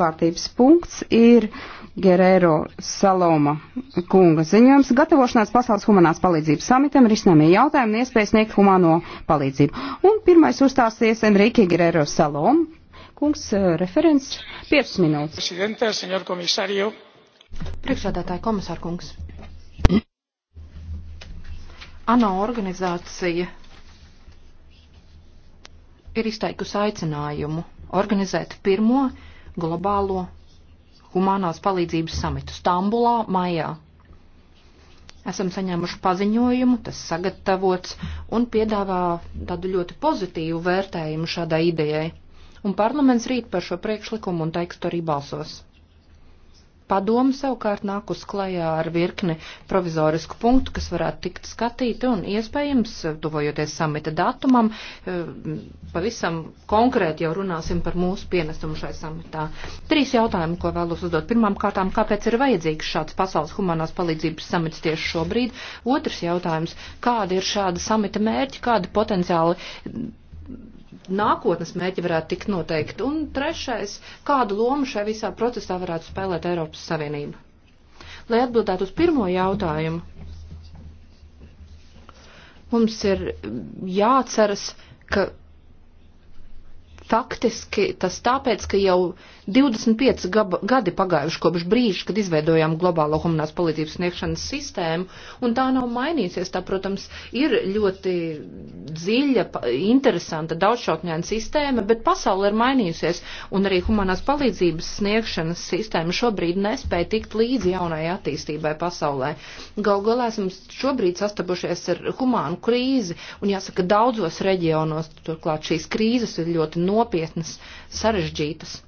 kārtības punkts ir Gerēro Saloma kunga ziņojums. Gatavošanās pasaules humanās palīdzības samitam ir iznāmie jautājumi un iespējas sniegt humāno palīdzību. Un pirmais uzstāsies Enrique Gerēro Saloma. Kungs, eh, referents, 5 minūtes. Priekšādātāja komisāra kungs. ANO organizācija ir izteikusi aicinājumu organizēt pirmo globālo humanās palīdzības samitu Stambulā maijā. Esam saņēmuši paziņojumu, tas sagatavots un piedāvā tādu ļoti pozitīvu vērtējumu šādai idejai. Un parlaments rīt par šo priekšlikumu un tekstu arī balsos. Padomu savukārt nāk uz klajā ar virkni provizorisku punktu, kas varētu tikt skatīti un iespējams, tuvojoties samita datumam, eh, pavisam konkrēti jau runāsim par mūsu pienesumu šai samitā. Trīs jautājumi, ko vēlos uzdot. Pirmām kārtām, kāpēc ir vajadzīgs šāds pasaules humanās palīdzības samits tieši šobrīd? Otrs jautājums, kāda ir šāda samita mērķi, kādi potenciāli nākotnes mērķi varētu tikt noteikti? Un trešais, kādu lomu šajā visā procesā varētu spēlēt Eiropas Savienība? Lai atbildētu uz pirmo jautājumu, mums ir jāatceras, ka Faktiski tas tāpēc, ka jau 25 gaba, gadi pagājuši kopš brīža, kad izveidojām globālo humanās palīdzības sniegšanas sistēmu, un tā nav mainīsies. Tā, protams, ir ļoti dziļa, interesanta, daudzšautņēna sistēma, bet pasaule ir mainījusies, un arī humanās palīdzības sniegšanas sistēma šobrīd nespēja tikt līdzi jaunai attīstībai pasaulē. Gal galā esam šobrīd sastapušies ar humānu krīzi, un jāsaka, daudzos reģionos turklāt šīs krīzes ir ļoti nopietnas nopietnas, sarežģītas.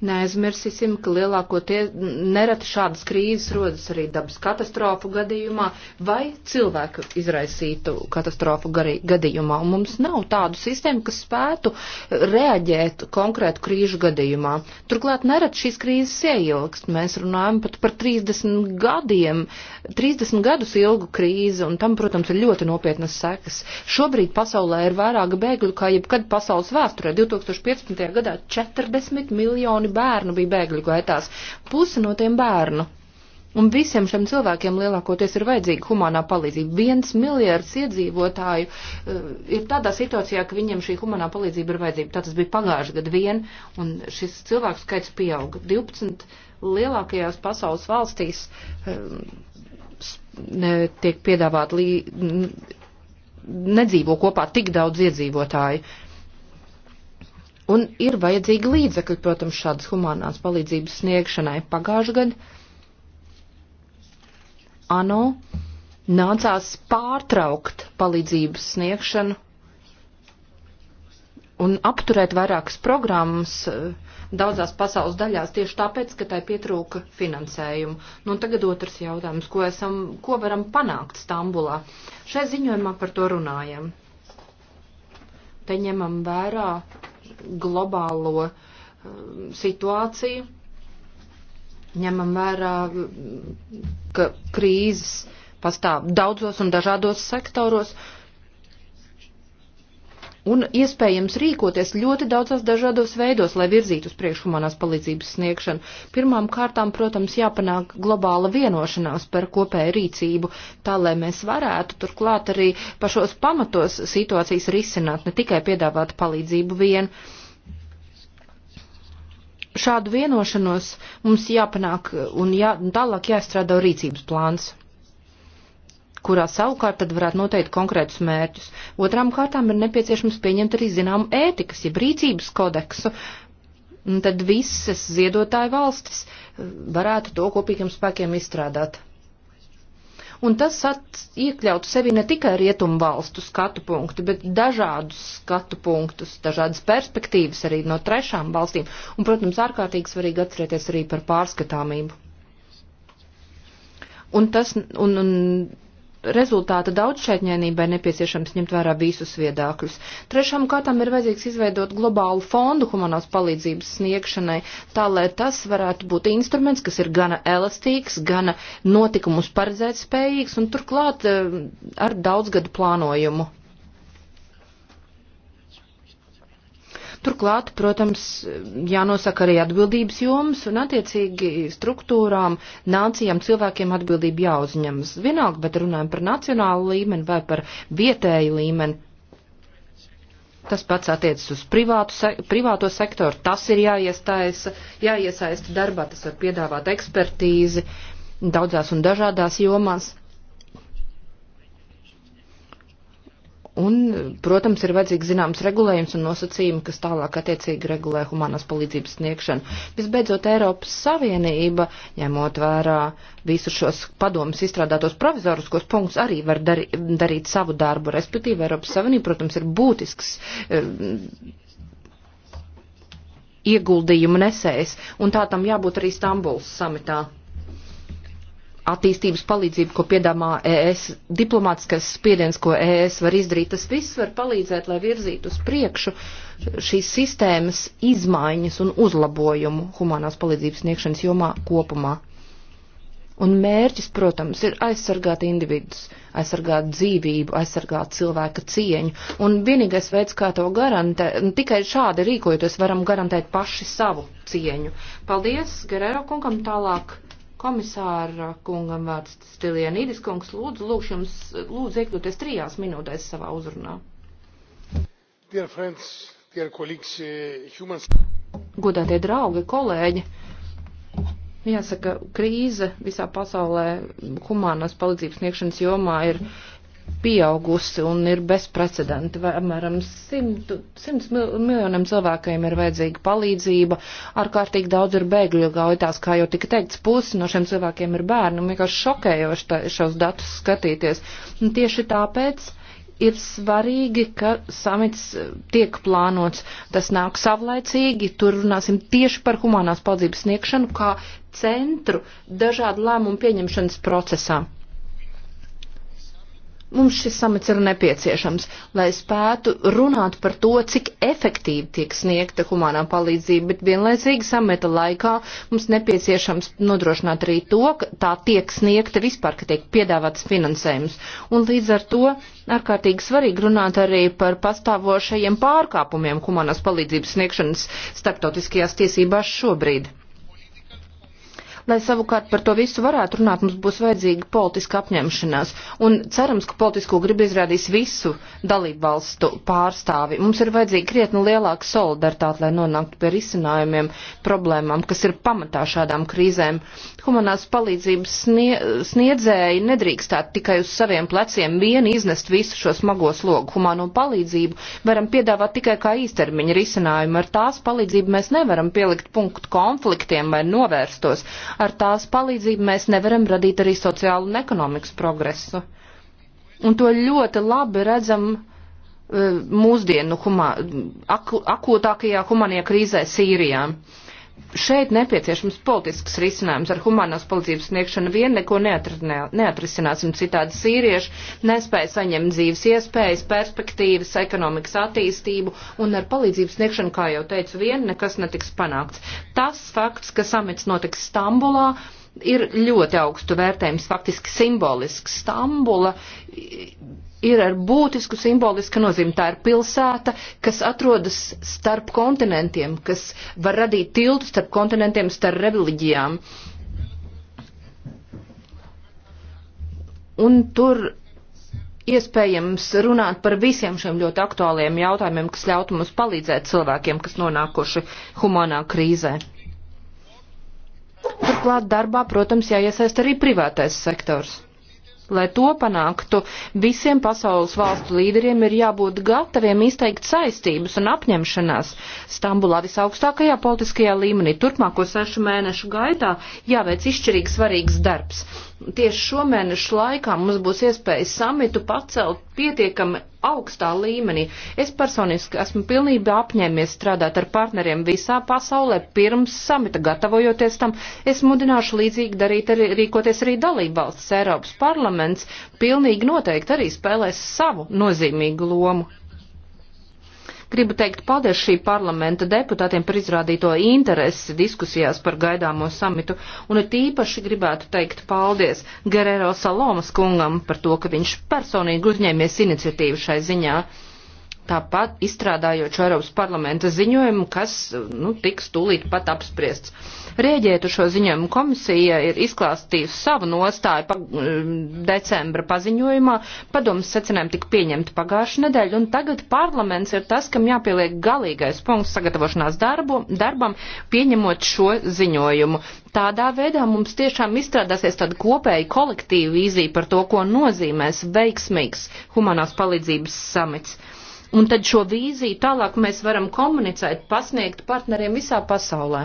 Neaizmirsīsim, ka lielākoties nereti šādas krīzes rodas arī dabas katastrofu gadījumā vai cilvēku izraisītu katastrofu gadījumā. Un mums nav tādu sistēmu, kas spētu reaģēt konkrētu krīžu gadījumā. Turklāt nereti šīs krīzes ieilgst. Mēs runājam pat par 30 gadiem, 30 gadus ilgu krīzi, un tam, protams, ir ļoti nopietnas sekas. Šobrīd pasaulē ir vairāk bēgļu kā jebkad pasaules vēsturē. 2015. gadā 40 miljoni tūkstoši bērnu bija bēgļu gaitās. Puse no tiem bērnu. Un visiem šiem cilvēkiem lielākoties ir vajadzīga humanā palīdzība. Viens miljards iedzīvotāju uh, ir tādā situācijā, ka viņiem šī humanā palīdzība ir vajadzība. Tā tas bija pagājuši gadu vien, un šis cilvēku skaits pieauga. 12 lielākajās pasaules valstīs uh, tiek piedāvāt lī, nedzīvo kopā tik daudz iedzīvotāju. Uh, Un ir vajadzīgi līdzekļi, protams, šādas humanās palīdzības sniegšanai. Pagājušajā gadā ANO nācās pārtraukt palīdzības sniegšanu un apturēt vairākas programmas eh, daudzās pasaules daļās tieši tāpēc, ka tai pietrūka finansējumu. Nu, tagad otrs jautājums, ko, esam, ko varam panākt Stambulā. Šai ziņojumā par to runājam. Te ņemam vērā globālo um, situāciju, ņemam vērā, ka krīzes pastāv daudzos un dažādos sektoros, uh, un iespējams rīkoties ļoti daudzās dažādos veidos, lai virzītu uz priekšu humanās palīdzības sniegšanu. Pirmām kārtām, protams, jāpanāk globāla vienošanās par kopēju rīcību, tā lai mēs varētu turklāt arī pašos pamatos situācijas risināt, ne tikai piedāvāt palīdzību vien. Šādu vienošanos mums jāpanāk un jā, tālāk jāstrādā rīcības plāns kurā savukārt tad varētu noteikt konkrētus mērķus. Otrām kārtām ir nepieciešams pieņemt arī zināmu ētikas, jeb rīcības kodeksu. Un tad visas ziedotāju valstis eh, varētu to kopīgiem spēkiem izstrādāt. Un tas iekļautu sevi ne tikai rietumu valstu skatu punktu, bet dažādus skatu punktus, dažādas perspektīvas arī no trešām valstīm. Un, protams, ārkārtīgi svarīgi atcerēties arī par pārskatāmību. Un tas, un, un rezultāta daudzšķaitņainībai nepieciešams ņemt vērā visus viedākļus. Trešām kārtām ir vajadzīgs izveidot globālu fondu humanās palīdzības sniegšanai, tā lai tas varētu būt instruments, kas ir gana elastīgs, gana notikumus paredzēt spējīgs un turklāt eh, ar daudzgadu plānojumu Turklāt, protams, jānosaka arī atbildības jomas un attiecīgi struktūrām, nācijām, cilvēkiem atbildība jāuzņemas. Vienalga, bet runājam par nacionālu līmeni vai par vietēju līmeni. Tas pats attiecas uz privātu, se, privāto sektoru. Tas ir jāiestaisa, jāiesaista darbā, tas var piedāvāt ekspertīzi daudzās un dažādās jomās. Un, protams, ir vajadzīgs zināms regulējums un nosacījumi, kas tālāk attiecīgi regulē humanās palīdzības sniegšanu. Visbeidzot, Eiropas Savienība, ņemot vērā visus šos padomus izstrādātos provizoriskos punktus, arī var dari, darīt savu darbu. Respektīvi, Eiropas Savienība, protams, ir būtisks. Eh, ieguldījumu nesējs, un tā tam jābūt arī Stambuls samitā attīstības palīdzību, ko piedāvā ES, diplomātiskais spiediens, ko ES var izdarīt, tas viss var palīdzēt, lai virzītu uz priekšu šīs sistēmas izmaiņas un uzlabojumu humanās palīdzības sniegšanas jomā kopumā. Un mērķis, protams, ir aizsargāt individus, aizsargāt dzīvību, aizsargāt cilvēka cieņu. Un vienīgais veids, kā to garantēt, tikai šādi rīkojoties, varam garantēt paši savu cieņu. Paldies, Gerēro kungam, tālāk. Komisāra kungam vārds Stilienīdis kungs, lūdzu, lūkšu jums, lūdzu, iekļūties trijās minūtēs savā uzrunā. Dear friends, dear colleagues, eh, humans. Godātie draugi, kolēģi, Jāsaka, krīze visā pasaulē humānās palīdzības sniegšanas jomā ir pieaugusi un ir bezprecedenta. Apmēram 100, 100 miljoniem cilvēkiem ir vajadzīga palīdzība, ārkārtīgi daudz ir bēgļu gaitās, kā jau tika teikts, pusi no šiem cilvēkiem ir bērni, un vienkārši šokējoši šos datus skatīties. Un tieši tāpēc ir svarīgi, ka samits tiek plānots. Tas nāk savlaicīgi, tur runāsim tieši par humanās palīdzības sniegšanu kā centru dažādu lēmumu pieņemšanas procesā. Mums šis samits ir nepieciešams, lai spētu runāt par to, cik efektīvi tiek sniegta humanā palīdzība, bet vienlaicīgi sameta laikā mums nepieciešams nodrošināt arī to, ka tā tiek sniegta vispār, ka tiek piedāvāts finansējums. Un līdz ar to ārkārtīgi svarīgi runāt arī par pastāvošajiem pārkāpumiem humanās palīdzības sniegšanas starptautiskajās tiesībās šobrīd. Lai savukārt par to visu varētu runāt, mums būs vajadzīga politiska apņemšanās. Un cerams, ka politisko gribu izrādīs visu dalību valstu pārstāvi. Mums ir vajadzīga krietni lielāka solidaritāte, lai nonāktu pie risinājumiem problēmām, kas ir pamatā šādām krīzēm. Humanās palīdzības snie sniedzēji nedrīkstētu tikai uz saviem pleciem vien iznest visu šo smago slogu. Humano palīdzību varam piedāvāt tikai kā īstermiņa risinājumu. Ar tās palīdzību mēs nevaram pielikt punktu konfliktiem vai novērst tos ar tās palīdzību mēs nevaram radīt arī sociālu un ekonomikas progresu. Un to ļoti labi redzam eh, mūsdienu humā, ak, akūtākajā humanie krīzē Sīrijā. Uh, šeit nepieciešams politisks risinājums. Ar humanās palīdzības sniegšanu vien neko neatrisināsim. Citādi sīrieši nespēja saņemt dzīves iespējas, perspektīvas, ekonomikas attīstību, un ar palīdzības sniegšanu, kā jau teicu, vien nekas netiks panākts. Tas fakts, ka samits notiks Stambulā, ir ļoti augstu vērtējums, faktiski simbolisks. Stambula ir ar būtisku simbolisku nozīmi. Tā ir pilsēta, kas atrodas starp kontinentiem, kas var radīt tiltu starp kontinentiem, starp reliģijām. Un tur iespējams runāt par visiem šiem ļoti aktuāliem jautājumiem, kas ļautu mums palīdzēt cilvēkiem, kas nonākuši humanā krīzē. Turklāt darbā, protams, jāiesaist arī privātais sektors. Lai to panāktu, visiem pasaules valstu līderiem ir jābūt gataviem izteikt saistības un apņemšanās. Stambulā visaugstākajā politiskajā līmenī turpmāko sešu mēnešu gaitā jāveic izšķirīgi svarīgs darbs tieši šo mēnešu laikā mums būs iespēja samitu pacelt pietiekami augstā līmenī. Es personiski esmu pilnībā apņēmies strādāt ar partneriem visā pasaulē pirms samita gatavojoties tam. Es mudināšu līdzīgi darīt arī rīkoties arī dalībvalsts Eiropas parlaments. Pilnīgi noteikti arī spēlēs savu nozīmīgu lomu. Gribu teikt paldies šī parlamenta deputātiem par izrādīto interesi diskusijās par gaidāmo samitu, un it īpaši gribētu teikt paldies Gerero Salomas kungam par to, ka viņš personīgi uzņēmies iniciatīvu šai ziņā tāpat izstrādājot šo Eiropas parlamenta ziņojumu, kas, nu, tiks tūlīt pat apspriests. Rēģēt uz šo ziņojumu komisija ir izklāstījusi savu nostāju pa, um, decembra paziņojumā, padomas secinājumi tika pieņemti pagājušajā nedēļā, un tagad parlaments ir tas, kam jāpieliek galīgais punkts sagatavošanās darbu, darbam, pieņemot šo ziņojumu. Tādā veidā mums tiešām izstrādāsies tāda kopēja kolektīva vīzija par to, ko nozīmēs veiksmīgs humanās palīdzības samits. Un tad šo vīziju tālāk mēs varam komunicēt, pasniegt partneriem visā pasaulē.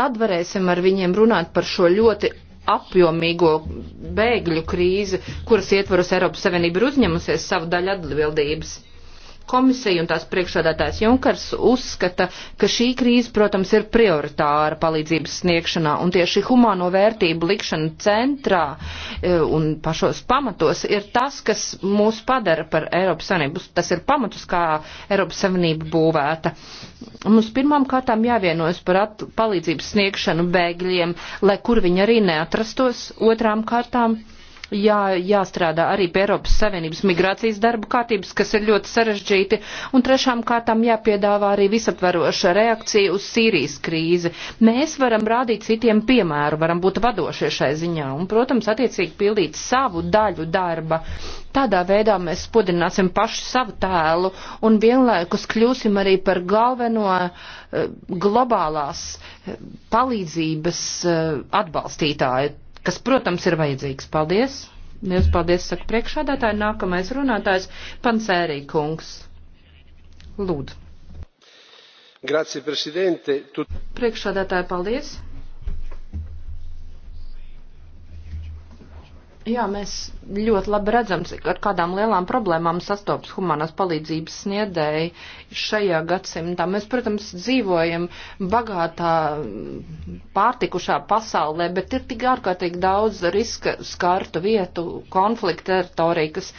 Tad varēsim ar viņiem runāt par šo ļoti apjomīgo bēgļu krīzi, kuras ietvaros Eiropas Savienība ir uzņemusies savu daļu atbildības. Komisija un tās priekšādātājs Junkars uzskata, ka šī krīze, protams, ir prioritāra palīdzības sniegšanā, un tieši humāno vērtību likšana centrā e, un pašos pamatos ir tas, kas mūs padara par Eiropas Savienību. Tas ir pamatus, kā Eiropas Savienība būvēta. Mums pirmām kārtām jāvienojas par palīdzības sniegšanu bēgļiem, lai kur viņi arī neatrastos otrām kārtām jā, jāstrādā arī pie Eiropas Savienības migrācijas darbu kārtības, kas ir ļoti sarežģīti, un trešām kārtām jāpiedāvā arī visaptveroša reakcija uz Sīrijas krīzi. Mēs varam rādīt citiem piemēru, varam būt vadošie šai ziņā un, protams, attiecīgi pildīt savu daļu darba. Tādā veidā mēs spodrināsim pašu savu tēlu un vienlaikus kļūsim arī par galveno eh, globālās eh, palīdzības eh, atbalstītāju kas, protams, ir vajadzīgs. Paldies! Liels paldies, saka priekšādātāji. Nākamais runātājs - Pansērī kungs. Lūdzu. Grazie, prezidente. Tu... Priekšādātāji, paldies! Jā, mēs ļoti labi redzam, ar kādām lielām problēmām sastopas humanās palīdzības sniedēji šajā gadsimtā. Mēs, protams, dzīvojam bagātā, pārtikušā pasaulē, bet ir tik ārkārtīgi daudz riska skartu vietu, konflikta teritoriju, kas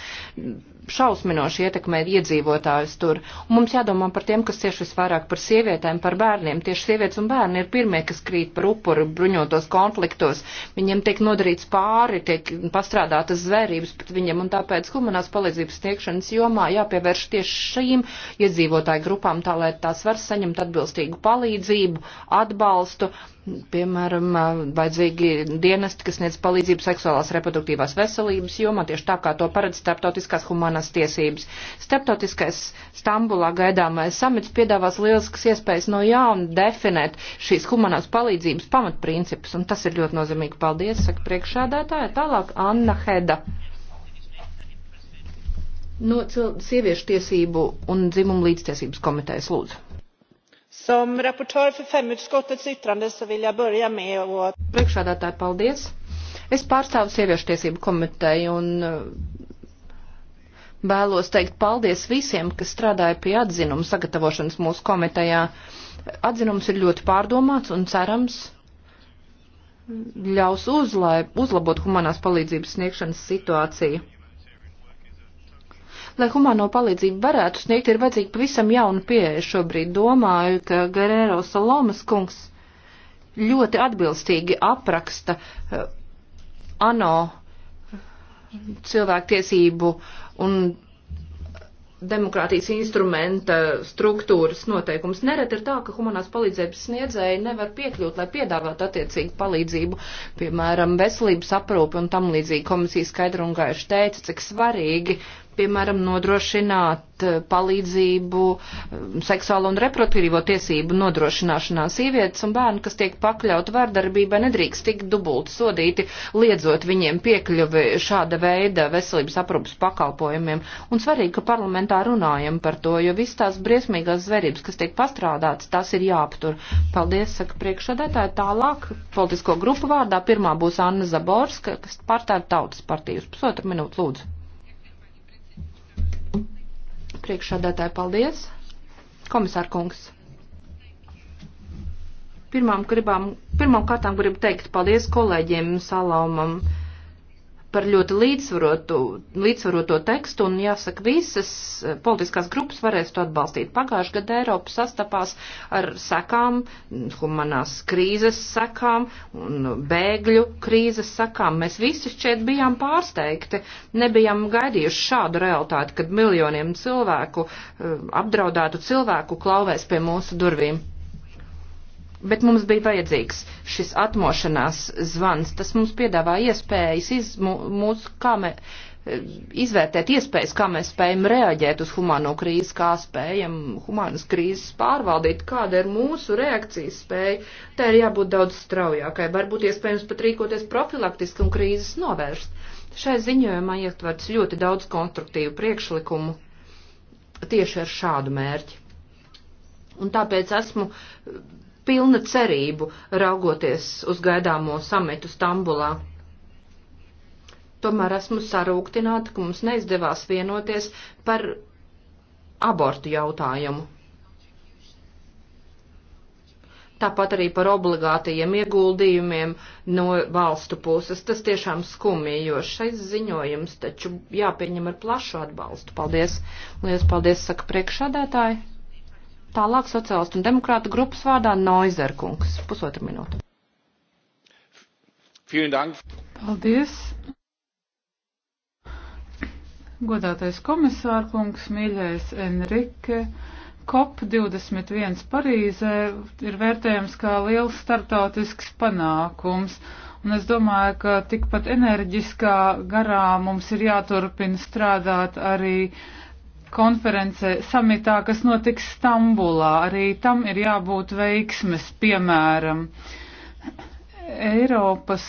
šausminoši ietekmē iedzīvotājus tur. Un mums jādomā par tiem, kas cieši visvairāk par sievietēm, par bērniem. Tieši sievietes un bērni ir pirmie, kas krīt par upuru bruņotos konfliktos. Viņiem tiek nodarīts pāri, tiek pastrādātas zvērības pret viņiem, un tāpēc humanās palīdzības sniegšanas jomā jāpievērš tieši šīm iedzīvotāju grupām, tā lai tās var saņemt atbilstīgu palīdzību, atbalstu Piemēram, vajadzīgi dienesti, kas sniedz palīdzību seksuālās reproduktīvās veselības jomā, tieši tā kā to paredz starptautiskās humanās tiesības. Starptautiskais Stambulā gaidāmais samits piedāvās lieliskas iespējas no jauna definēt šīs humanās palīdzības pamatprincipus, un tas ir ļoti nozīmīgi. Paldies, saka priekšādātāja. Tālāk Anna Heda. No sieviešu tiesību un dzimumu līdztiesības komitejas lūdzu. Som rapportör för femutskottets yttrande så vill jag börja med att... Priekšādātāji, paldies! Es pārstāvu sieviešu tiesību komiteju un eh, vēlos teikt paldies visiem, kas strādāja pie atzinuma sagatavošanas mūsu komitejā. Atzinums ir ļoti pārdomāts un cerams ļaus uzlai, uzlabot humanās palīdzības sniegšanas situāciju. Lai humāno palīdzību varētu sniegt, ir vajadzīga pavisam jauna pieeja šobrīd. Domāju, ka Guerrero Salomas kungs ļoti atbilstīgi apraksta uh, ANO cilvēktiesību un demokrātijas instrumenta struktūras noteikums. Neret ir tā, ka humanās palīdzības sniedzēji nevar piekļūt, lai piedāvātu attiecīgu palīdzību, piemēram, veselības aprūpi un tam līdzīgi komisija skaidru un gaišu teica, cik svarīgi piemēram, nodrošināt eh, palīdzību eh, seksuālo un reproduktīvo tiesību nodrošināšanā. Sīvietes un bērni, kas tiek pakļauti vārdarbībai, nedrīkst tik dubult sodīti, liedzot viņiem piekļuvi šāda veida veselības aprūpas pakalpojumiem. Un svarīgi, ka parlamentā runājam par to, jo viss tās briesmīgās zverības, kas tiek pastrādātas, tās ir jāaptur. Paldies, saka priekšsēdētāji. Tālāk politisko grupu vārdā pirmā būs Anna Zaborska, kas pārstāv tautas partijas. Pusotru minūtu lūdzu. Priekšādātāji, paldies. Komisār kungs. Pirmām, gribām, pirmām kārtām gribu teikt paldies kolēģiem Salaumam par ļoti līdzsvarotu, līdzsvaroto tekstu, un jāsaka, visas eh, politiskās grupas varēs to atbalstīt. Pagājušajā gadā Eiropa sastapās ar sekām, humanās krīzes sekām un bēgļu krīzes sekām. Mēs visi šķiet bijām pārsteigti, nebijām gaidījuši šādu realitāti, kad miljoniem cilvēku eh, apdraudētu cilvēku klauvēs pie mūsu durvīm bet mums bija vajadzīgs šis atmošanās zvans. Tas mums piedāvā iespējas iz, mūs, kā mē, izvērtēt iespējas, kā mēs spējam reaģēt uz humāno krīzi, kā spējam humānas krīzes pārvaldīt, kāda ir mūsu reakcijas spēja. Tā ir jābūt daudz straujākai, varbūt iespējams pat rīkoties profilaktiski un krīzes novērst. Šai ziņojumā ietverts ļoti daudz konstruktīvu priekšlikumu tieši ar šādu mērķi. Un tāpēc esmu pilna cerību raugoties uz gaidāmo samitu Stambulā. Tomēr esmu sarūktināta, ka mums neizdevās vienoties par abortu jautājumu. Tāpat arī par obligātajiem ieguldījumiem no valstu puses. Tas tiešām skumji, jo šais ziņojums taču jāpieņem ar plašu atbalstu. Paldies! Lielas paldies, saka priekšādātāji! Tālāk sociālistu un demokrātu grupas vārdā Noizerkungs. Pusotru minūtu. Paldies. Godātais komisārkungs, mīļais Enrike. COP21 Parīzē ir vērtējams kā liels startautisks panākums, un es domāju, ka tikpat enerģiskā garā mums ir jāturpina strādāt arī uh, konferencē, samitā, kas notiks Stambulā. Arī tam ir jābūt veiksmes piemēram. Eiropas,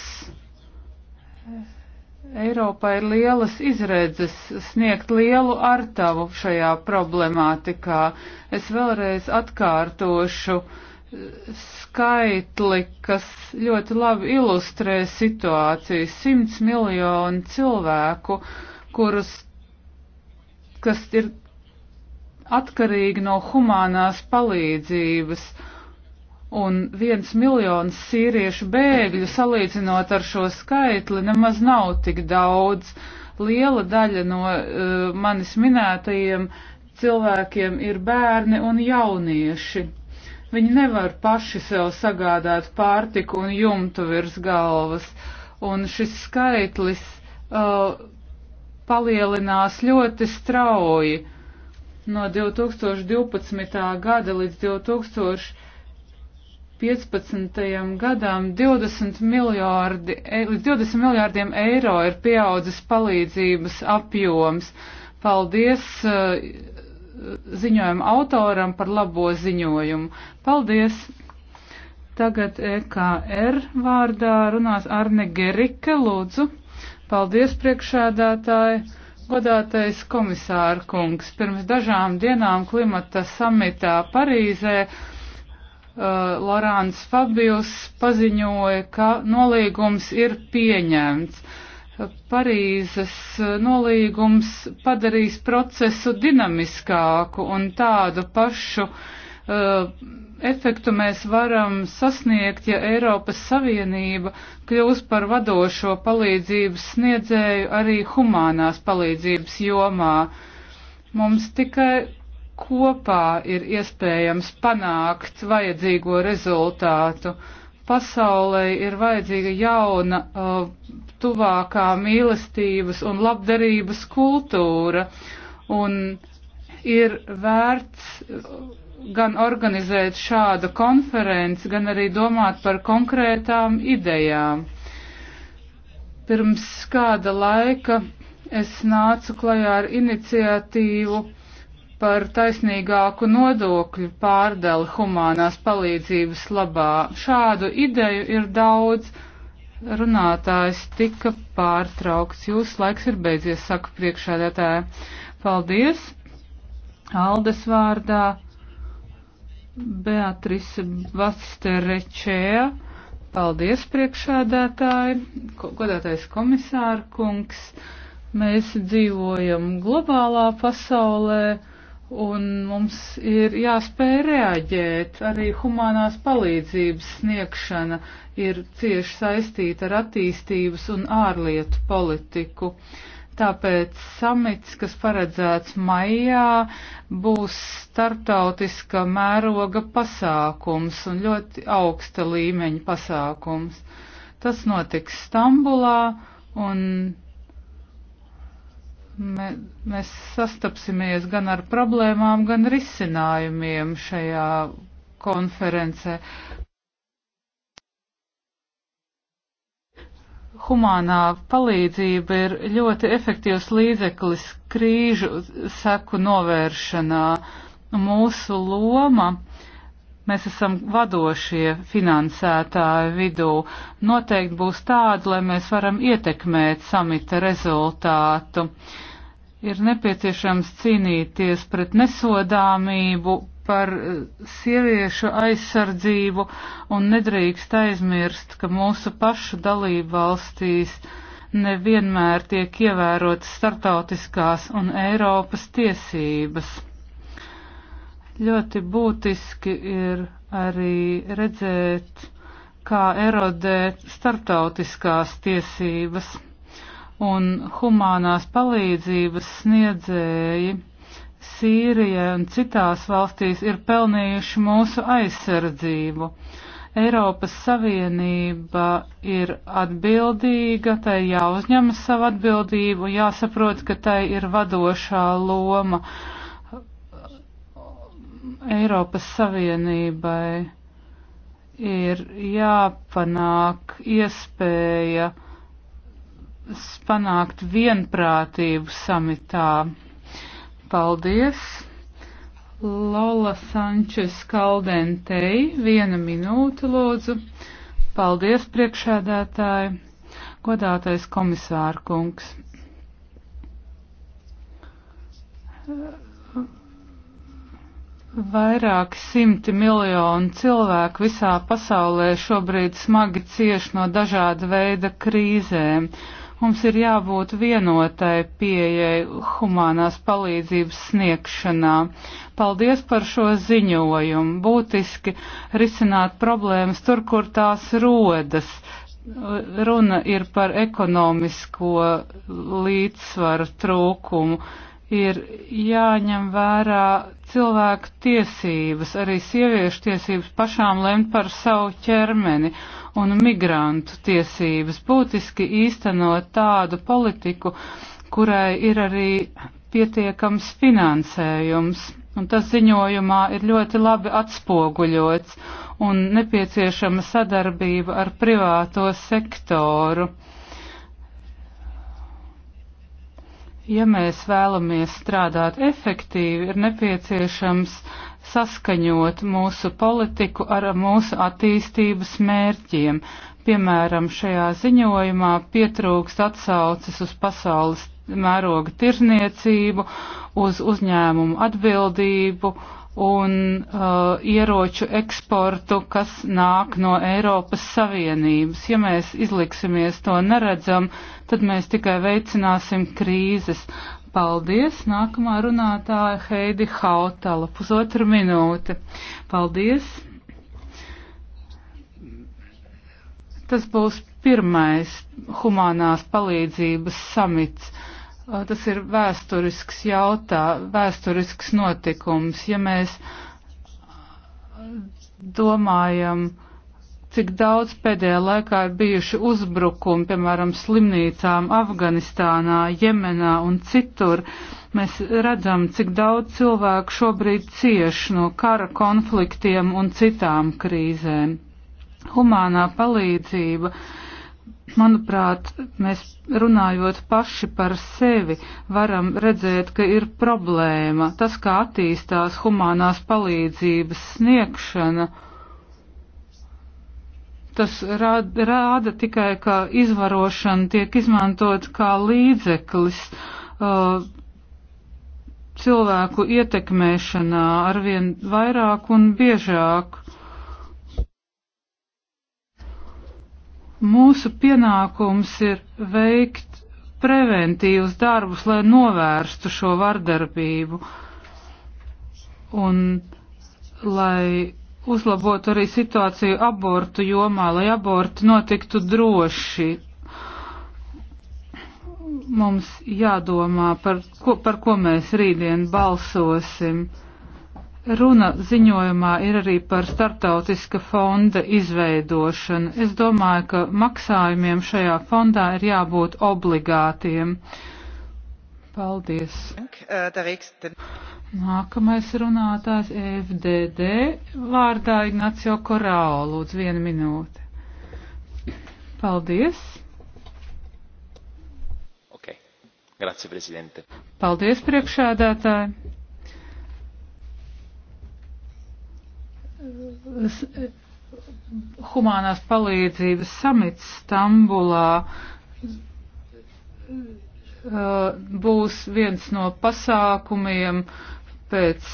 Eiropā ir lielas izredzes sniegt lielu artavu šajā problemātikā. Es vēlreiz atkārtošu skaitli, kas ļoti labi ilustrē situāciju. Simts miljonu cilvēku, kurus kas ir atkarīgi no humānās palīdzības. Un viens miljons sīriešu bēgļu salīdzinot ar šo skaitli nemaz nav tik daudz. Liela daļa no uh, manis minētajiem cilvēkiem ir bērni un jaunieši. Viņi nevar paši sev sagādāt pārtiku un jumtu virs galvas. Un šis skaitlis uh, palielinās ļoti strauji no 2012. gada līdz 2015. gadam 20 miljārdi, e, līdz 20 miljārdiem eiro ir pieaudzis palīdzības apjoms. Paldies uh, ziņojuma autoram par labo ziņojumu. Paldies! Tagad EKR vārdā runās Arne Gerike, lūdzu. Paldies, priekšēdētāji! Godātais komisāra kungs, pirms dažām dienām klimata samitā Parīzē uh, Lorāns Fabius paziņoja, ka nolīgums ir pieņemts. Parīzes uh, nolīgums padarīs procesu dinamiskāku un tādu pašu uh, Eh, efektu mēs varam sasniegt, ja Eiropas Savienība kļūs par vadošo palīdzības sniedzēju arī humānās palīdzības jomā. Mums tikai kopā ir iespējams panākt vajadzīgo rezultātu. Pasaulē ir vajadzīga jauna, uh, tuvākā mīlestības un labdarības kultūra, un ir vērts uh, gan organizēt šādu konferenci, gan arī domāt par konkrētām idejām. Pirms kāda laika es nācu klajā ar iniciatīvu par taisnīgāku nodokļu pārdeli humānās palīdzības labā. Šādu ideju ir daudz. Runātājs tika pārtraukts. Jūsu laiks ir beidzies, saka priekšādētāja. Paldies! Aldes vārdā Beatrise Vasterečēja. Paldies, priekšādātāji, godātais komisāra kungs. Mēs dzīvojam globālā pasaulē un mums ir jāspēj reaģēt. Arī humanās palīdzības sniegšana ir cieši saistīta ar attīstības un ārlietu politiku. Uh, Tāpēc samits, kas paredzēts maijā, būs starptautiska mēroga pasākums un ļoti augsta līmeņa pasākums. Tas notiks Stambulā un me, mēs sastapsimies gan ar problēmām, gan risinājumiem šajā konferencē. humānā palīdzība ir ļoti efektīvs līdzeklis krīžu seku novēršanā. Mūsu loma, mēs esam vadošie finansētāju vidū, noteikti būs tāda, lai mēs varam ietekmēt samita rezultātu. Ir nepieciešams cīnīties pret nesodāmību, par eh, sieviešu aizsardzību un nedrīkst aizmirst, ka mūsu pašu dalību valstīs nevienmēr tiek ievērotas startautiskās un Eiropas tiesības. Ļoti būtiski ir arī redzēt, kā erodēt startautiskās tiesības un humānās palīdzības sniedzēji Sīrijai un citās valstīs ir pelnījuši mūsu aizsardzību. Eiropas Savienība ir atbildīga, tai jāuzņemas savu atbildību, jāsaprot, ka tai ir vadošā loma Eiropas Savienībai ir jāpanāk iespēja panākt vienprātību samitā. Paldies! Lola Sančes Kaldentei, viena minūte lūdzu. Paldies, priekšēdētāji, godātais komisārkungs. Vairāk simti miljonu cilvēku visā pasaulē šobrīd smagi cieš no dažāda veida krīzēm Mums ir jābūt vienotai pieejai humanās palīdzības sniegšanā. Paldies par šo ziņojumu. Būtiski risināt problēmas tur, kur tās rodas. Runa ir par ekonomisko līdzsvaru trūkumu. Ir jāņem vērā cilvēku tiesības, arī sieviešu tiesības pašām lemt par savu ķermeni un migrantu tiesības, būtiski īstenot tādu politiku, kurai ir arī pietiekams finansējums. Un tas ziņojumā ir ļoti labi atspoguļots un nepieciešama sadarbība ar privāto sektoru. Ja mēs vēlamies strādāt efektīvi, ir nepieciešams saskaņot mūsu politiku ar mūsu attīstības mērķiem. Piemēram, šajā ziņojumā pietrūkst atsauces uz pasaules mēroga tirzniecību, uz uzņēmumu atbildību un uh, ieroču eksportu, kas nāk no Eiropas Savienības. Ja mēs izliksimies to neredzam, tad mēs tikai veicināsim krīzes. Paldies! Nākamā runātāja Heidi Hautala. Pusotra minūte. Paldies! Tas būs pirmais humanās palīdzības samits. Tas ir vēsturisks jautā, vēsturisks notikums. Ja mēs domājam, uh, cik daudz pēdējā laikā ir bijuši uzbrukumi, piemēram, slimnīcām Afganistānā, Jemenā un citur. Mēs redzam, cik daudz cilvēku šobrīd cieš no kara konfliktiem un citām krīzēm. Humānā palīdzība, manuprāt, mēs runājot paši par sevi, varam redzēt, ka ir problēma. Tas, kā attīstās humānās palīdzības sniegšana Tas rāda, rāda tikai, ka izvarošana tiek izmantot kā līdzeklis uh, cilvēku ietekmēšanā arvien vairāk un biežāk. Mūsu pienākums ir veikt preventīvus darbus, lai novērstu šo vardarbību un lai uzlabot arī situāciju abortu jomā, lai aborti notiktu droši. Mums jādomā par ko, par ko mēs rītdien balsosim. Runa ziņojumā ir arī par startautiska fonda izveidošanu. Es domāju, ka maksājumiem šajā fondā ir jābūt obligātiem. Uh, Paldies. Nākamais runātājs FDD vārdā Ignacio Korāo. Lūdzu, vienu minūti. Paldies. Okay. Grazie, prezidente. Paldies, priekšādātāji. Humanās palīdzības samits Stambulā Uh, būs viens no pasākumiem pēc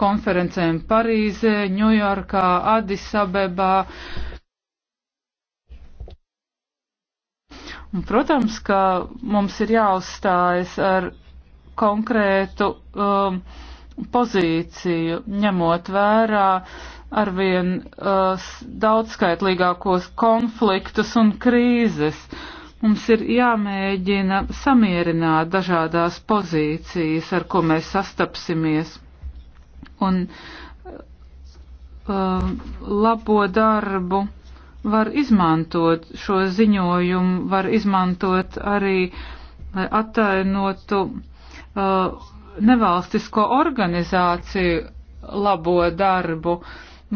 konferencēm Parīzē, Ņujorkā, Adisabebā. Un, protams, ka mums ir jāuzstājas ar konkrētu um, pozīciju, ņemot vērā arvien uh, daudzskaitlīgākos konfliktus un krīzes. Uh, Mums ir jāmēģina samierināt dažādās pozīcijas, ar ko mēs sastapsimies. Un uh, labo darbu var izmantot, šo ziņojumu var izmantot arī, lai attainotu uh, nevalstisko organizāciju labo darbu.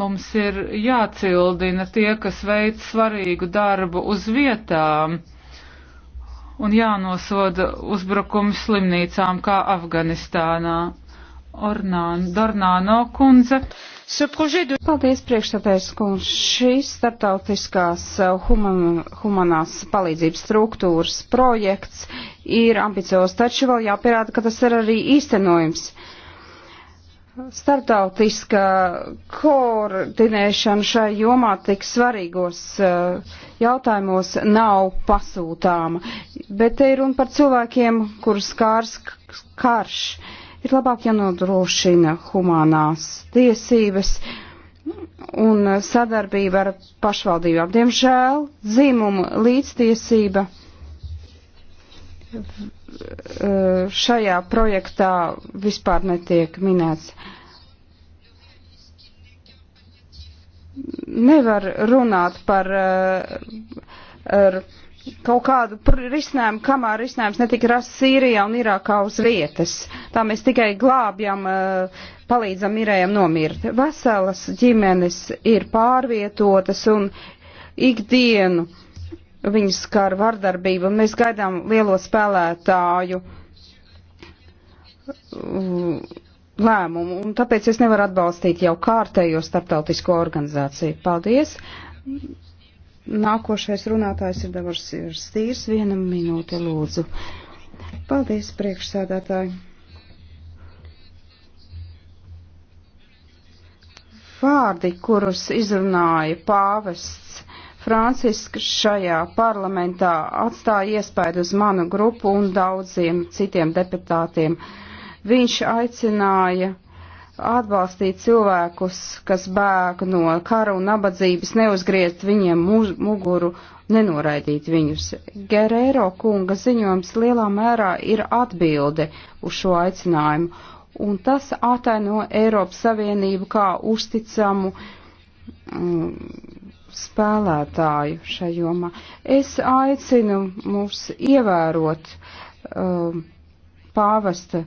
Mums ir jācildina tie, kas veic svarīgu darbu uz vietām un jānosoda uzbrukumi slimnīcām kā Afganistānā. Ornān, Dornāno kundze. Paldies, priekšstādājs kundze. Šīs starptautiskās uh, human, humanās palīdzības struktūras projekts ir ambiciozs, taču vēl jāpierāda, ka tas ir arī īstenojums starptautiskā koordinēšana šai jomā tik svarīgos eh, jautājumos nav pasūtāma. Bet te ir runa par cilvēkiem, kurus kārs karš. Ir labāk jānodrošina humānās tiesības un sadarbība ar pašvaldībām. Diemžēl dzimumu līdztiesība Eh, šajā projektā vispār netiek minēts. Nevar runāt par eh, ar kaut kādu risinājumu, kamēr risinājums netika rasts Sīrijā un Irākā uz vietas. Tā mēs tikai glābjam, eh, palīdzam Irējam nomirt. Veselas ģimenes ir pārvietotas un ikdienu viņus skar vardarbība. Mēs gaidām lielo spēlētāju uh, lēmumu, un tāpēc es nevaru atbalstīt jau kārtējo starptautisko organizāciju. Paldies! Nākošais runātājs ir Davors Stīrs. Viena minūte, lūdzu. Paldies, priekšsēdētāji. Vārdi, kurus izrunāja pāvests Francisks šajā parlamentā atstāja iespēju uz manu grupu un daudziem citiem deputātiem. Viņš aicināja atbalstīt cilvēkus, kas bēg no kara un nabadzības, neuzgriezt viņiem muguru, nenoraidīt viņus. Gerēro kunga ziņojums lielā mērā ir atbilde uz šo aicinājumu, un tas ataino Eiropas Savienību kā uzticamu. Mm, spēlētāju šajā jomā. Es aicinu mūs ievērot uh, pāvesta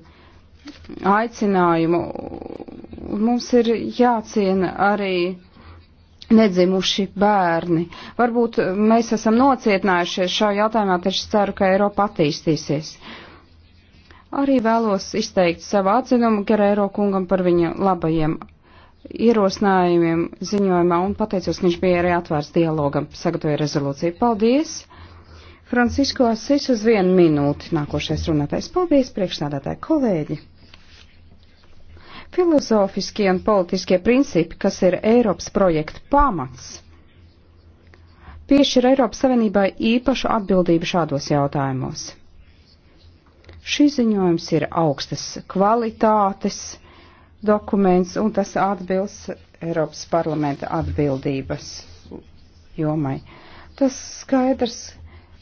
aicinājumu. Mums ir jāciena arī nedzimuši bērni. Varbūt mēs esam nocietinājušies šā jautājumā, taču ceru, ka Eiropa attīstīsies. Arī vēlos izteikt savu atzinumu Gerēro kungam par viņa labajiem ierosinājumiem ziņojumā un pateicos, ka viņš bija arī atvērts dialogam, sagatavoja rezolūciju. Paldies! Francisko Asis uz vienu minūti nākošais runātais. Paldies, priekšsādātāji kolēģi! Filozofiskie un politiskie principi, kas ir Eiropas projekta pamats, piešķir Eiropas Savienībai īpašu atbildību šādos jautājumos. Šis ziņojums ir augstas kvalitātes, dokuments, un tas atbilst Eiropas parlamenta atbildības jomai. Tas skaidrs,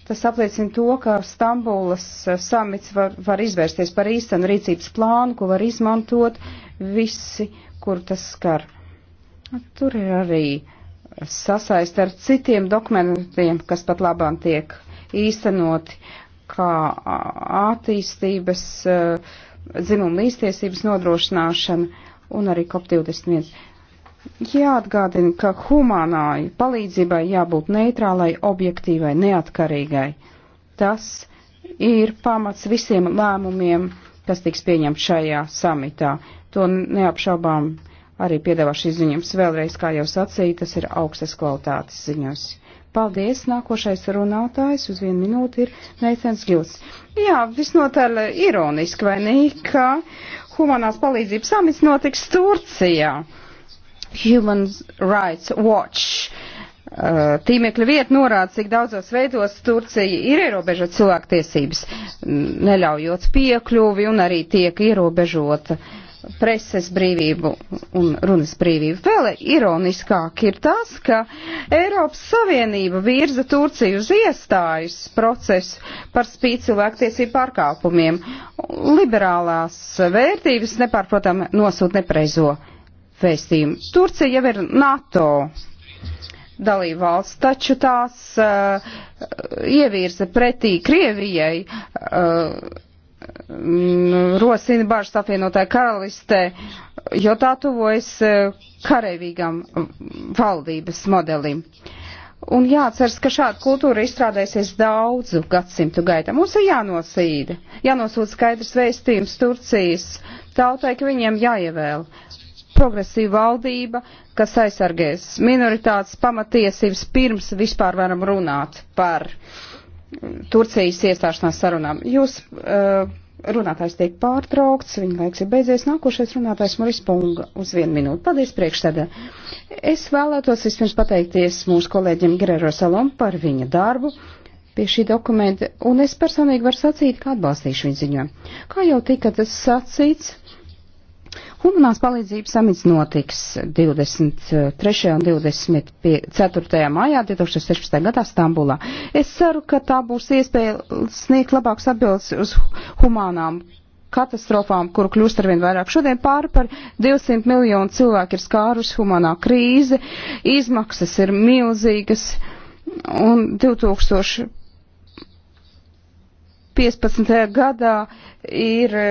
tas apliecina to, ka Stambulas eh, samits var, var izvērsties par īstenu rīcības plānu, ko var izmantot visi, kur tas skar. Tur ir arī sasaist ar citiem dokumentiem, kas pat labām tiek īstenoti, kā attīstības uh, dzimumu līdztiesības nodrošināšana un arī COP21. Jāatgādina, ka humānai palīdzībai jābūt neitrālai, objektīvai, neatkarīgai. Tas ir pamats visiem lēmumiem, kas tiks pieņemts šajā samitā. To neapšaubām arī piedāvāšu izziņums vēlreiz, kā jau sacīju, tas ir augstas kvalitātes ziņos. Paldies, nākošais runātājs uz vienu minūti ir Neicens Gils. Jā, visnotaļ ironiski, vai ne, ka humanās palīdzības samits notiks Turcijā. Human Rights Watch. Uh, tīmekļa vieta norāda, cik daudzos veidos Turcija ir ierobežota cilvēktiesības, neļaujot piekļuvi un arī tiek ierobežota uh, preses brīvību un runas brīvību. Vēl ironiskāk ir tas, ka Eiropas Savienība virza Turciju uz iestājas procesu par spīti cilvēktiesību pārkāpumiem. Liberālās vērtības nepārprotam nosūt nepreizo vēstījumu. Turcija jau ir NATO dalību valsts, taču tās uh, ievirza pretī Krievijai. Uh, Mm, rosina bažas apvienotāja karalistē, jo tā tuvojas eh, karavīgam mm, valdības modelim. Un jāatceras, ka šāda kultūra izstrādājusies daudzu gadsimtu gaitā. Mums ir jānosīda, jānosūta skaidrs vēstījums Turcijas tautai, ka viņiem jāievēl progresīva valdība, kas aizsargēs minoritātes pamatiesības pirms vispār varam runāt par uh, Turcijas iestāšanās sarunām. Jūs uh, runātājs tiek pārtraukts, viņa laiks ir beidzies. Nākošais runātājs Maris Punga uz vienu minūti. Paldies priekšstādā. Es vēlētos vispirms pateikties mūsu kolēģim Gerero Salom par viņa darbu pie šī dokumenta, un es personīgi varu sacīt, ka atbalstīšu viņu ziņojumu. Kā jau tika tas sacīts, Humanās palīdzības samits notiks 23. un 24. maijā 2016. gadā Stambulā. Es ceru, ka tā būs iespēja sniegt labāks atbildes uz humanām katastrofām, kuru kļūst arvien vairāk. Šodien pāri par 200 miljonu cilvēku ir skārus humanā krīze, izmaksas ir milzīgas un 2000 15. gadā ir e,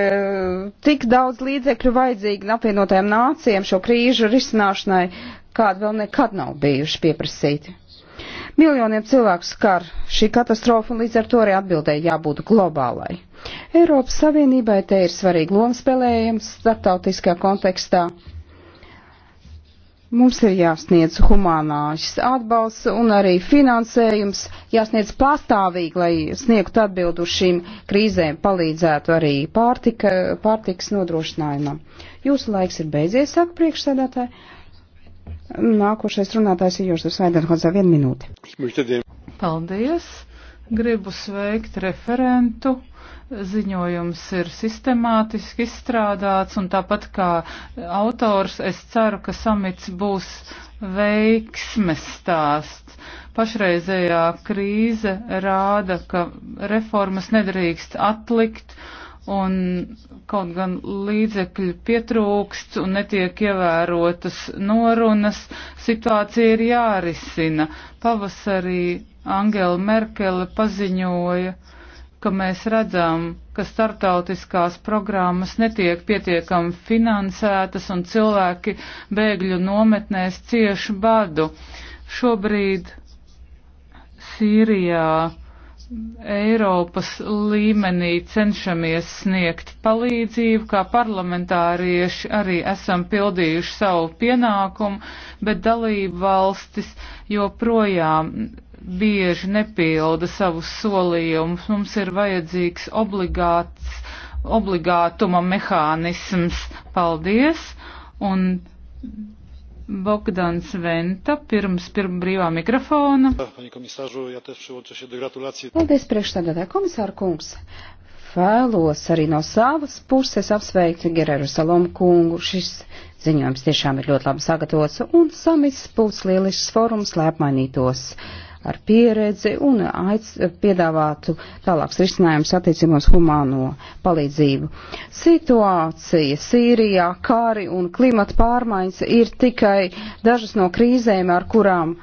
tik daudz līdzekļu vajadzīgi apvienotajām nācijām šo krīžu risināšanai, kāda vēl nekad nav bijuši pieprasīti. Miljoniem cilvēku skar šī katastrofa un līdz ar to arī atbildēji jābūt globālai. Eiropas Savienībai te ir svarīga loma spēlējama starptautiskajā kontekstā Mums ir jāsniedz humānāšs atbalsts un arī finansējums, jāsniedz pastāvīgi, lai sniegtu atbildu šīm krīzēm, palīdzētu arī pārtika, pārtikas nodrošinājumam. Jūsu laiks ir beidzies, saka priekšsēdētāji. Nākošais runātājs ir Jūsu Svaidenhodzā vienu minūti. Paldies! Gribu sveikt referentu Ziņojums ir sistemātiski izstrādāts, un tāpat kā autors, es ceru, ka samits būs veiksmes stāsts. Pašreizējā krīze rāda, ka reformas nedrīkst atlikt un kaut gan līdzekļu pietrūksts un netiek ievērotas norunas, situācija ir jārisina. Pavasarī Angela Merkele paziņoja, ka mēs redzam, ka startautiskās programmas netiek pietiekami finansētas un cilvēki bēgļu nometnēs cieši badu. Šobrīd Sīrijā Eiropas līmenī cenšamies sniegt palīdzību, kā parlamentārieši arī esam pildījuši savu pienākumu, bet dalību valstis joprojām bieži nepilda savus solījumus. Mums ir vajadzīgs obligāts, obligātuma mehānisms. Paldies! Un Bogdans Venta pirms, pirms brīvā mikrofona. Paldies, priekšstādātā komisāra kungs! Vēlos arī no savas puses apsveikt Gereru Salomu kungu. Šis ziņojums tiešām ir ļoti labi sagatavots un samits būs lielisks forums, lai apmainītos uh, ar pieredzi un aic, piedāvātu tālāks risinājums attiecībos humāno palīdzību. Situācija Sīrijā, kāri un klimata pārmaiņas ir tikai dažas no krīzēm, ar kurām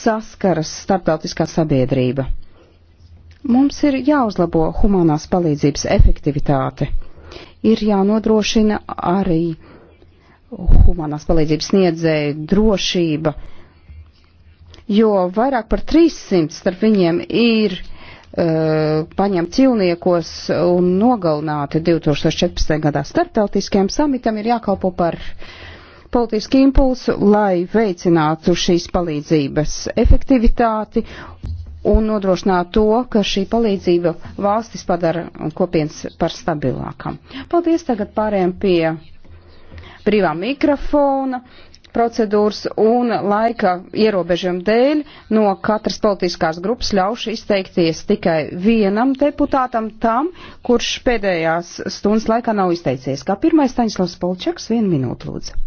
saskaras starptautiskā sabiedrība. Mums ir jāuzlabo humanās palīdzības efektivitāte. Ir jānodrošina arī humanās palīdzības sniedzēju drošība jo vairāk par 300 starp viņiem ir uh, paņemt ķilniekos un nogalināti 2014. gadā. Starptautiskajam samitam ir jākalpo par politisku impulsu, lai veicinātu šīs palīdzības efektivitāti un nodrošināt to, ka šī palīdzība valstis padara kopienas par stabilākam. Paldies, tagad pārējām pie brīvā mikrofona procedūras un laika ierobežojumu dēļ no katras politiskās grupas ļaušu izteikties tikai vienam deputātam tam, kurš pēdējās stundas laikā nav izteicies. Kā pirmais Staņslavs Polčaks, vienu minūtu lūdzu.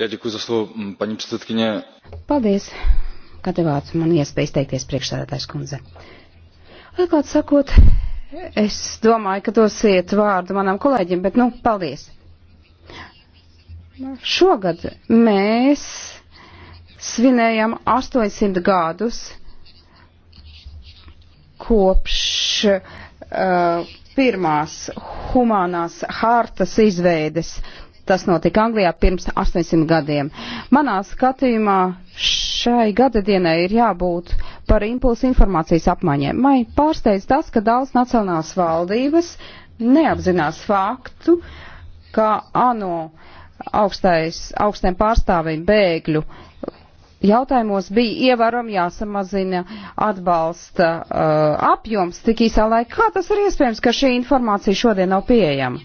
Jā, ģeku za slovu, paņi predsedkiņē. Paldies, ka devāt man iespēju izteikties priekšsēdētājs kundze. Atklāt sakot, es domāju, ka dosiet vārdu manam kolēģim, bet nu, paldies. Šogad mēs svinējam 800 gadus kopš uh, pirmās humanās hartas izveides. Tas notika Anglijā pirms 800 gadiem. Manā skatījumā šai gadadienai ir jābūt par impulsu informācijas apmaiņai. Man pārsteidz tas, ka daudz nacionālās valdības neapzinās faktu, ka ANO uh, augstais, augstiem pārstāvim bēgļu jautājumos bija ievaram jāsamazina atbalsta uh, apjoms tik īsā laikā. Kā tas ir iespējams, ka šī informācija šodien nav pieejama?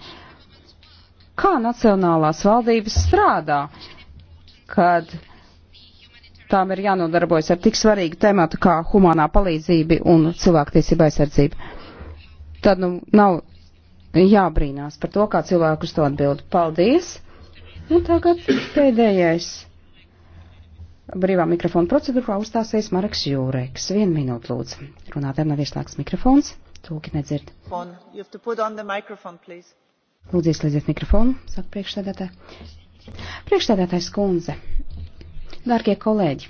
Kā nacionālās valdības strādā, kad tām ir jānodarbojas ar tik svarīgu tematu kā humanā palīdzība un cilvēktiesība aizsardzība? Tad nu nav jābrīnās par to, kā cilvēku uz to atbild. Paldies! Un nu, tagad pēdējais brīvā mikrofona procedūrā uzstāsies Marks Jūreks. Vienu minūtu lūdzu. Runātēm nav ieslēgts mikrofons. Tūki nedzird. Lūdzu, ieslēdziet mikrofonu, saka priekšsēdētāji. Priekšsēdētājs kundze, dārgie kolēģi,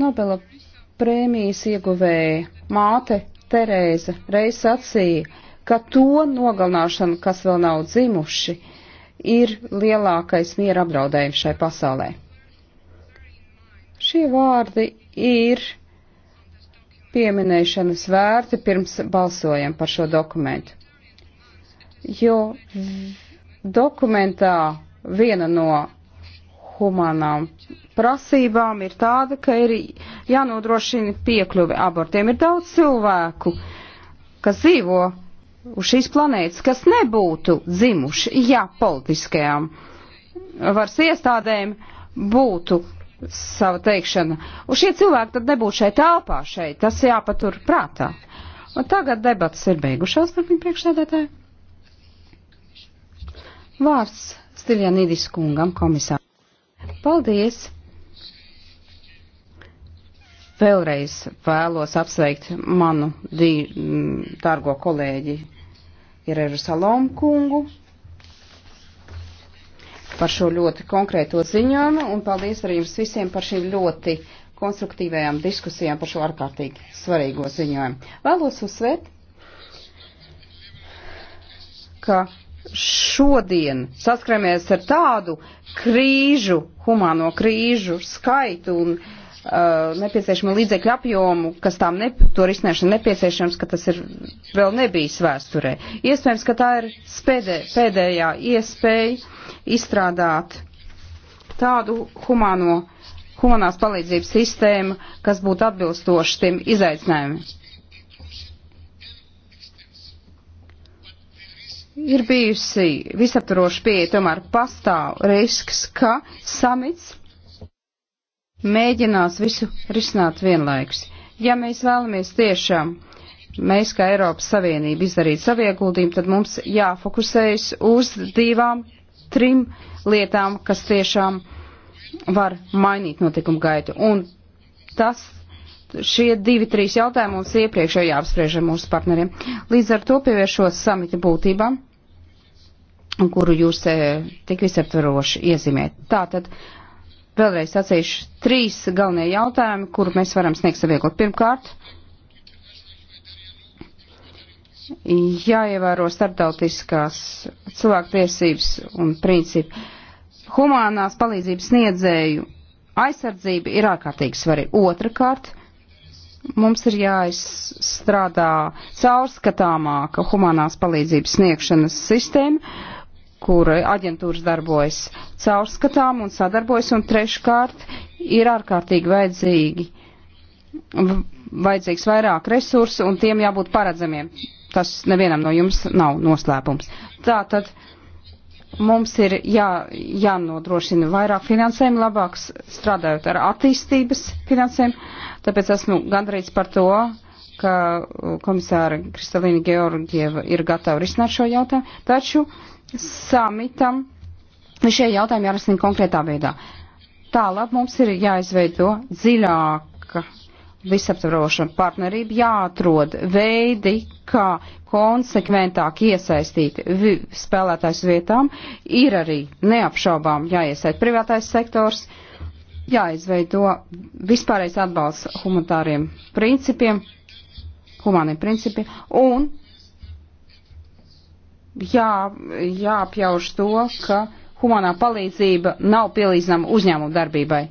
Nobela prēmijas ieguvēja māte Terēza reiz sacīja, ka to nogalināšana, kas vēl nav dzimuši, ir lielākais miera apdraudējums šai pasaulē. Šie vārdi ir pieminēšanas vērti pirms balsojam par šo dokumentu. Jo dokumentā viena no humanām prasībām ir tāda, ka ir jānodrošina piekļuvi abortiem. Ir daudz cilvēku, kas dzīvo uz šīs planētas, kas nebūtu dzimuši, ja politiskajām varas iestādēm būtu sava teikšana. Un šie cilvēki tad nebūtu šeit telpā šeit, tas jāpatur prātā. Un tagad debats ir beigušās, starpim priekšsēdētāji. Vārds Stiljanīdis kungam komisāram. Paldies! Vēlreiz vēlos apsveikt manu dārgo kolēģi ir ar Salomu kungu par šo ļoti konkrēto ziņojumu un paldies arī jums visiem par šīm ļoti konstruktīvajām diskusijām par šo ārkārtīgi svarīgo ziņojumu. Vēlos uzsvērt, ka šodien saskaramies ar tādu krīžu, humāno krīžu skaitu un uh, Uh, nepieciešamo līdzekļu apjomu, kas tām ne, to risināšanu nepieciešams, ka tas ir vēl nebijis vēsturē. Iespējams, ka tā ir spēdē, pēdējā iespēja izstrādāt tādu humāno, humanās palīdzības sistēmu, kas būtu atbilstoši tiem izaicinājumiem. Ir bijusi visaptvaroša pieeja, tomēr pastāv risks, ka samits mēģinās visu risināt vienlaikus. Ja mēs vēlamies tiešām, mēs kā Eiropas Savienība izdarīt savu ieguldījumu, tad mums jāfokusējas uz divām, trim lietām, kas tiešām var mainīt notikumu gaitu. Un tas, šie divi, trīs jautājumi mums iepriekšēji jāapspriež ar mūsu partneriem. Līdz ar to pievēršos samita būtībām, kuru jūs eh, tik visaptvaroši iezīmēt. Tātad Vēlreiz sacīšu trīs galvenie jautājumi, kur mēs varam sniegt savieglot. Pirmkārt, jāievēro starptautiskās cilvēktiesības un principi. Humānās palīdzības sniedzēju aizsardzība ir ārkārtīgi svarīga. Otrakārt, mums ir jāizstrādā caurskatāmāka humanās palīdzības sniegšanas sistēma kur aģentūras darbojas caurskatām un sadarbojas, un treškārt ir ārkārtīgi vajadzīgi, vajadzīgs vairāk resursu, un tiem jābūt paredzamiem. Tas nevienam no jums nav noslēpums. Tātad mums ir jā, jānodrošina vairāk finansējumu, labāk strādājot ar attīstības finansējumu, tāpēc esmu gandrīz par to, ka uh, komisāra Kristalīna Georgieva ir gatava risināt šo jautājumu, taču samitam šie jautājumi jārasina konkrētā veidā. Tālāk mums ir jāizveido dziļāka visaptvaroša partnerība, jāatrod veidi, kā konsekventāk iesaistīt vi spēlētājs vietām, ir arī neapšaubām jāiesaist privātais sektors, jāizveido vispārējais atbalsts humanitāriem principiem, humāniem principiem, un jā, jāapjauž to, ka humanā palīdzība nav pielīdzināma uzņēmuma darbībai.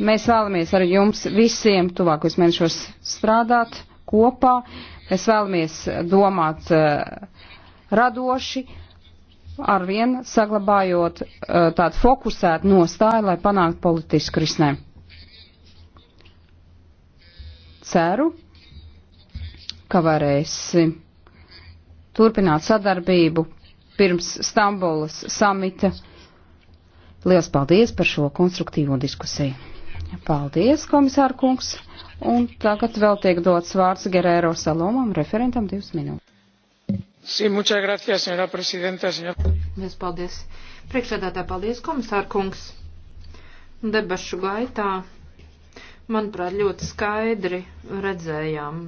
Mēs vēlamies ar jums visiem tuvākos mēnešos strādāt kopā. Mēs vēlamies domāt uh, radoši, arvien saglabājot uh, tādu fokusētu nostāju, lai panāktu politisku risinājumu. Ceru, ka varēsim turpināt sadarbību pirms Stambulas samita. Lielas paldies par šo konstruktīvo diskusiju. Paldies, komisāra kungs. Un tagad vēl tiek dots vārds Gerēro Salomam, referentam divas minūtes. Sí, muchas gracias, señora presidenta, señor. Mēs paldies. Priekšsēdētāji, paldies, komisāra kungs. Debašu gaitā manuprāt, ļoti skaidri redzējām,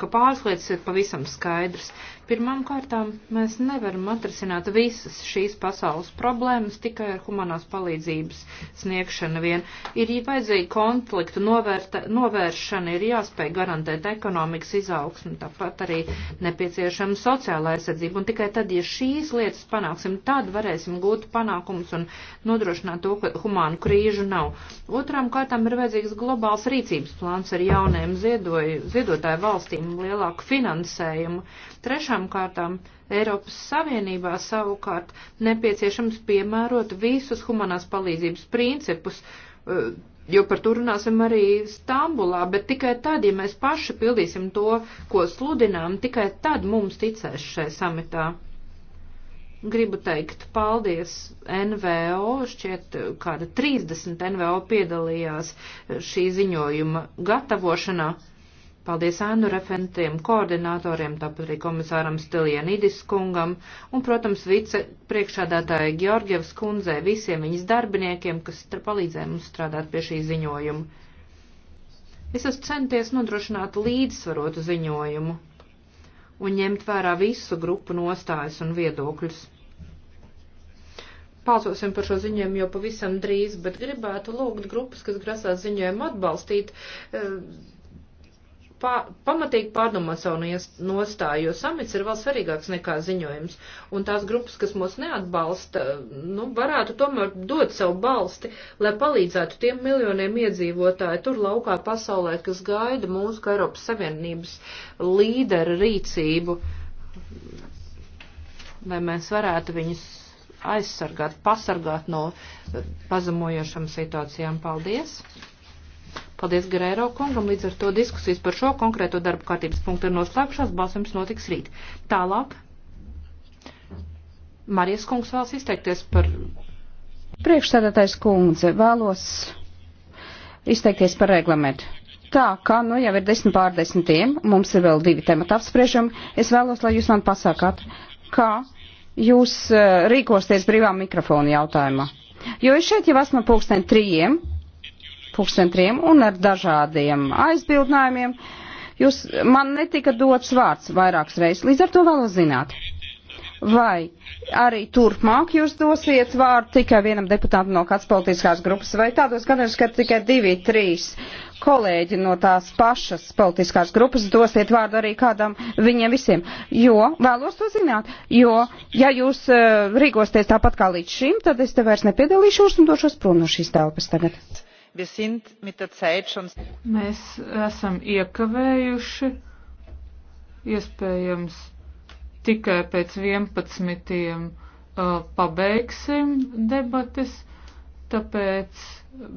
ka pāris lietas ir pavisam skaidrs. Pirmām kārtām mēs nevaram atrisināt visas šīs pasaules problēmas tikai ar humanās palīdzības sniegšanu vien. Ir vajadzīga konfliktu novērta, novēršana, ir jāspēj garantēt ekonomikas izaugsmu, tāpat arī nepieciešama sociāla aizsardzība. Un tikai tad, ja šīs lietas panāksim, tad varēsim gūt panākumus un nodrošināt to, ka humānu krīžu nav. Otrām kārtām ir vajadzīgs globāls Eiropas rīcības plāns ar jauniem ziedoju, ziedotāju valstīm lielāku finansējumu. Trešām kārtām Eiropas Savienībā savukārt nepieciešams piemērot visus humanās palīdzības principus, eh, jo par to runāsim arī Stambulā, bet tikai tad, ja mēs paši pildīsim to, ko sludinām, tikai tad mums ticēs šai samitā. Gribu teikt paldies NVO, šķiet kāda 30 NVO piedalījās šī ziņojuma gatavošanā. Paldies ēnu referentiem, koordinatoriem, tāpat arī komisāram Stilienidis kungam un, protams, vice priekšādātāja Georgievs kundzē, visiem viņas darbiniekiem, kas palīdzēja mums strādāt pie šī ziņojuma. Es esmu centies nodrošināt līdzsvarotu ziņojumu un ņemt vērā visu grupu nostājas un viedokļus balsosim par šo ziņojumu jau pavisam drīz, bet gribētu lūgt grupas, kas grasās ziņojumu atbalstīt, eh, pa, pamatīgi pārdomāt savu nostāju, jo samits ir vēl svarīgāks nekā ziņojums. Un tās grupas, kas mūs neatbalsta, nu, varētu tomēr dot savu balsti, lai palīdzētu tiem miljoniem iedzīvotāju tur laukā pasaulē, kas gaida mūsu kā Eiropas Savienības līderu rīcību, lai mēs varētu viņus aizsargāt, pasargāt no eh, pazemojošām situācijām. Paldies! Paldies Gerēro kungam, līdz ar to diskusijas par šo konkrēto darbu kārtības punktu ir noslēgšās, balsojums notiks rīt. Tālāk. Marijas kungs vēlas izteikties par. Priekšstādātais kundze vēlos izteikties par reglamentu. Tā kā nu jau ir desmit pār desmitiem, mums ir vēl divi temati apspriežami, es vēlos, lai jūs man pasakāt, kā jūs eh, rīkosties brīvā mikrofona jautājumā? Jo es šeit jau esmu pulksten trījiem, pulksten trījiem un ar dažādiem aizbildinājumiem. Jūs man netika dots vārds vairākas reizes, līdz ar to vēlos zināt. Vai arī turpmāk jūs dosiet vārdu tikai vienam deputātam no kādas politiskās grupas, vai tādos gadījumos, kad tikai divi, trīs kolēģi no tās pašas politiskās grupas dosiet vārdu arī kādam viņiem visiem? Jo, vēlos to zināt, jo, ja jūs uh, rīkosties tāpat kā līdz šim, tad es te vairs nepiedalīšos un došos prom no šīs telpas tagad. Mēs esam iekavējuši, iespējams, tikai pēc 11. Uh, pabeigsim debates, tāpēc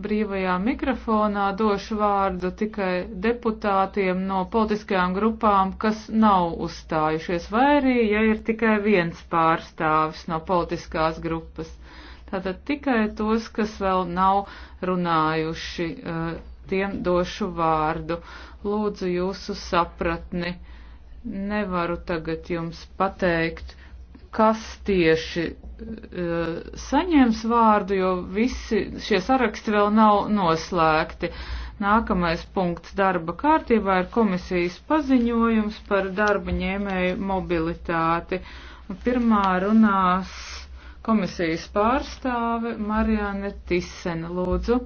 brīvajā mikrofonā došu vārdu tikai deputātiem no politiskajām grupām, kas nav uzstājušies, vai arī, ja ir tikai viens pārstāvis no politiskās grupas. Tātad tikai tos, kas vēl nav runājuši, uh, tiem došu vārdu. Lūdzu jūsu sapratni nevaru tagad jums pateikt, kas tieši uh, saņems vārdu, jo visi šie saraksti vēl nav noslēgti. Nākamais punkts darba kārtībā ir komisijas paziņojums par darba ņēmēju mobilitāti. Un pirmā runās komisijas pārstāve Marianne Tisena. Lūdzu,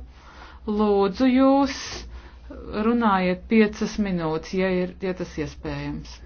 lūdzu jūs runājiet piecas minūtes, ja, ir, ja tas iespējams.